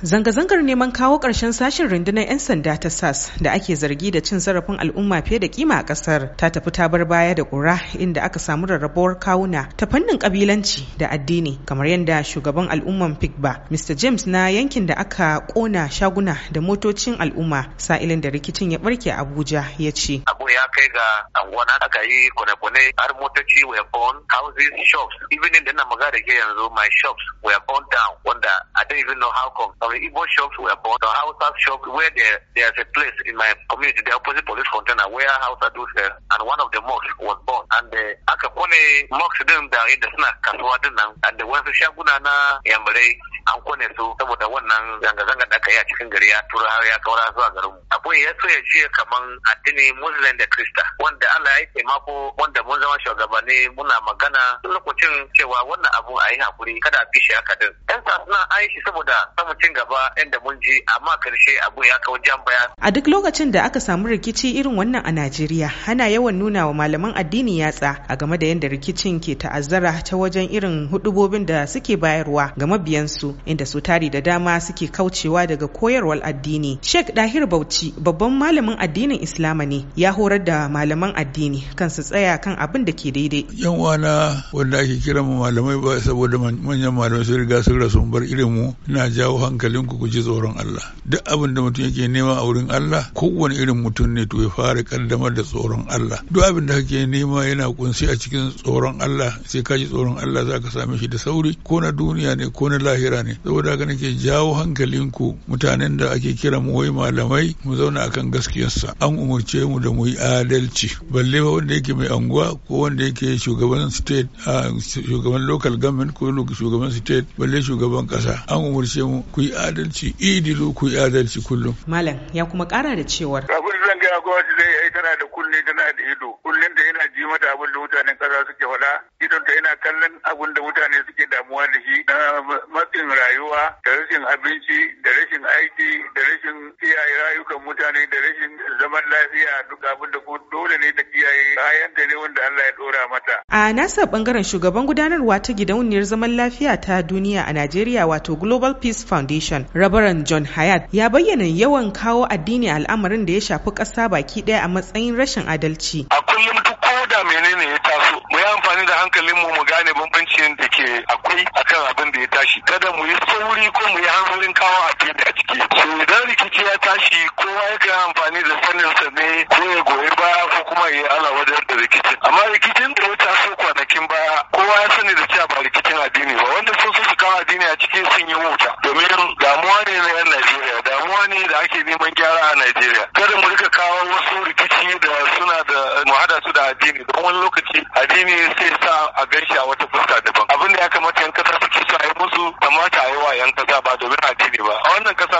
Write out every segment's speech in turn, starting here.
Zanga-zangar neman kawo ƙarshen sashen rundunar 'yan sanda ta SAS da ake zargi da cin zarafin al'umma fiye da kima a ƙasar ta tafi ta bar baya da ƙura inda aka samu rarrabuwar kawuna ta fannin ƙabilanci da addini kamar yadda shugaban al'umman Pigba Mr. James na yankin da aka ƙona shaguna da motocin al'umma sa'ilin da rikicin ya barke Abuja ya ce. Abu ya kai ga anguwana aka yi kone-kone har motoci were burned, houses, shops, even in da na magana da ke yanzu my shops were burned down wanda I don't even know how come the Igbo shops were bought, our Hausa shop, where there, there's a place in my community, the opposite police container, where Hausa do sell, and one of the mosques was born. And the Akapone mosque didn't da da the kasuwa Kasua didn't, and the wasu shaguna na yamurai an kone su saboda wannan zanga-zanga da aka yi a cikin gari ya tura har ya kaura zuwa garin mu. Abu ya so ya jiya kaman addini Muslim da Krista, wanda Allah ya yi taimako wanda mun zama shugabanni muna magana lokacin cewa wannan abu a yi hakuri kada a fi shi haka din. 'Yan sasuna an yi shi saboda samun cin gaba inda mun ji amma karshe abu ya kawo jan bayan. A duk lokacin da aka samu rikici irin wannan a Najeriya ana yawan nuna wa malaman addini yatsa a game da yadda rikicin ke ta'azzara ta wajen irin hudubobin da suke bayarwa ga mabiyansu inda su tari da dama suke kaucewa daga koyarwar addini. Sheikh Dahir Bauchi babban malamin addinin Islama ne ya horar da malaman addini kan su tsaya kan abin da ke daidai. Yan wana wanda ake kira malamai ba saboda manyan malamai sun riga sun rasu bar irin mu na jawo hankali hankalinku ku ji tsoron Allah duk abin da mutum yake nema a wurin Allah kowane irin mutum ne to ya fara kaddamar da tsoron Allah duk abin da kake nema yana kunsi a cikin tsoron Allah sai ka ji tsoron Allah za ka same shi da sauri ko na duniya ne ko na lahira ne saboda haka nake jawo hankalin ku mutanen da ake kira mu wai malamai mu zauna akan gaskiyarsa an umarce mu da mu yi adalci balle ba wanda yake mai anguwa ko wanda yake shugaban state ah, shugaban local government ko shugaban state balle shugaban kasa an umarce mu ku yi adalci idilu ku adalci kullum malam ya kuma kara da cewar abin zan gaya gwamnati zai yi tana da kunne tana da ido kullum da yana ji mata abin da mutanen kasa suke faɗa gidanta yana kallon abun da mutane suke damuwa da shi na matsin rayuwa da rashin abinci da rashin aiki da rashin kiyaye rayukan mutane da rashin zaman lafiya duk abin da dole ne ta kiyaye kayan da ne wanda Allah ya dora mata. A nasa bangaren shugaban gudanarwa ta gidauniyar zaman lafiya ta duniya a Najeriya wato Global Peace Foundation, Rabaran John Hayat ya bayyana yawan kawo addini al'amarin da ya shafi ƙasa baki ɗaya a matsayin rashin adalci. A kullum ko da menene ya taso mu yi amfani da hankalin mu mu gane bambancin da ke akwai akan abin da ya tashi kada mu yi sauri ko mu yi hanzarin kawo a fiye a ciki so idan rikici ya tashi kowa yakan amfani da saninsa ne ko ya goyi baya ko kuma ya yi wajen da rikicin amma rikicin da ya taso kwanakin baya kowa ya sani da cewa ba rikicin addini ba wanda sun su kawo addini a cikin sun yi wuta domin damuwa ne na yan Najeriya damuwa ne da ake neman gyara a Najeriya kada mu rika kawo wasu mu hada su da addini don wani lokaci addini sai sa a ganshi a wata fuska daban abin da ya kamata yan kasa suke so a yi musu kamata a yi wa yan kasa ba domin addini ba a wannan kasa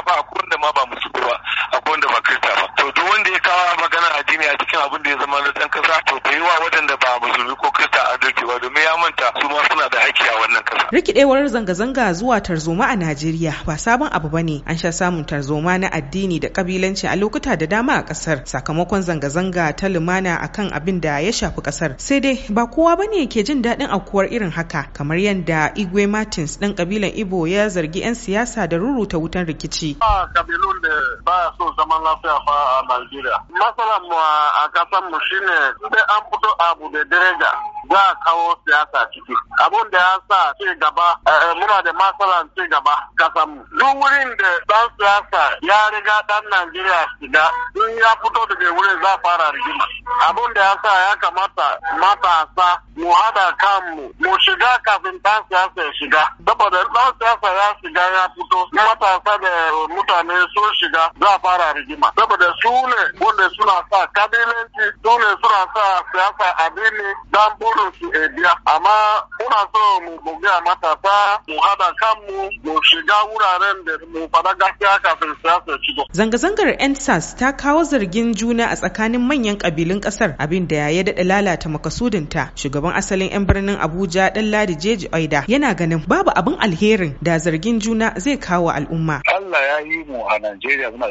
to yi wa waɗanda ba musulmi ko krista adalci ba domin ya manta su ma suna da haƙƙi a wannan ƙasa. rikidewar zanga-zanga zuwa tarzoma a najeriya ba sabon abu ba ne an sha samun tarzoma na addini da ƙabilanci a lokuta da dama a ƙasar sakamakon zanga-zanga ta lumana akan abin da ya shafi ƙasar sai dai ba kowa ba ne ke jin daɗin akuwar irin haka kamar yadda igwe martins ɗan ƙabilan ibo ya zargi 'yan siyasa da rurruta wutan rikici. ba kabilun da ba so zaman lafiya fa a najeriya matsalar mu a ƙasar mu shine an fito abu da daraja za a kawo siyasa ciki abun da ya sa ci gaba eh, muna da matsalan ci gaba kasanmu duk wurin da dan siyasa ya riga dan najeriya shiga in ya fito daga wurin za fara rigima abun da ya sa ya kamata matasa mu hada kanmu mu shiga kafin dan siyasa ya shiga saboda dan siyasa ya shiga ya fito matasa da mutane sun shiga za fara rigima saboda su ne wanda suna sa kabilanci su ne suna sa siyasa abin dan buru su biya amma muna so mu buga matasa mu hada kanmu mu shiga wuraren da mu fada gaskiya kafin siyasa shigo. Zanga-zangar NSAS ta kawo zargin juna a tsakanin manyan kabilun ƙasar abin da ya daɗa lalata makasudinta. Shugaban asalin 'yan birnin Abuja ɗan Ladi Jeji Oida yana ganin babu abin alherin da zargin juna zai kawo al'umma. Allah ya yi mu a Najeriya muna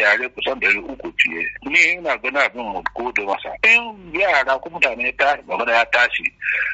yare kusan ɗari uku fiye. Ni ina gani abin mu gode masa. In yara kuma mutane ta magana ya tashi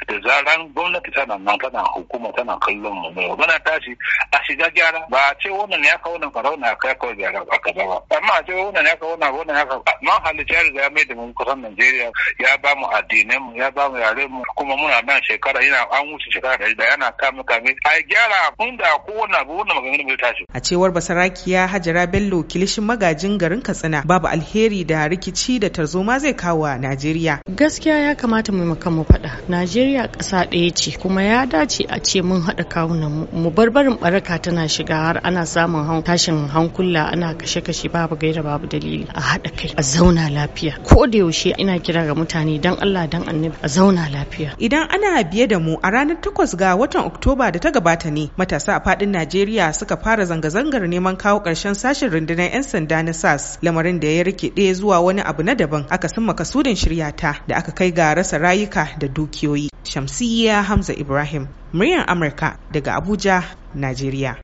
da zaran gwamnati tana nan tana hukuma tana kallon mu mai magana tashi a shiga gyara ba a ce wannan ya kawo nan farauna ya kai kawai gyara ba kaza ba. Amma a ce wannan ya kawo nan wannan ya kawo. Ma halitta ya riga ya mai da mu kusan Najeriya ya ba mu addinin mu ya ba mu yare mu kuma muna nan shekara yana an wuce shekara da yana kame kame. A gyara mun da kowane abu wannan magana bai tashi. A cewar ba sarakiya hajara bello kilishin magajin garin katsina babu alheri da rikici da tarzoma zai kawo wa najeriya gaskiya ya kamata mu maka mu faɗa najeriya ƙasa ɗaya ce kuma ya dace a ce mun haɗa kawunan mu mu barbarin baraka tana shiga har ana samun tashin hankula ana kashe-kashe babu gaira babu dalili a haɗa kai a zauna lafiya ko da yaushe ina kira ga mutane dan allah dan annabi a zauna lafiya idan ana biye da mu a ranar 8 ga watan oktoba da ta gabata ne matasa a faɗin najeriya suka fara zanga-zangar ne neman kawo ƙarshen sashen rundunar 'yan sanda na sas lamarin da ya ɗaya zuwa wani abu na daban aka sun makasudin shiryata da aka kai ga rasa rayuka da dukiyoyi shamsiyya hamza ibrahim muryar amurka daga abuja najeriya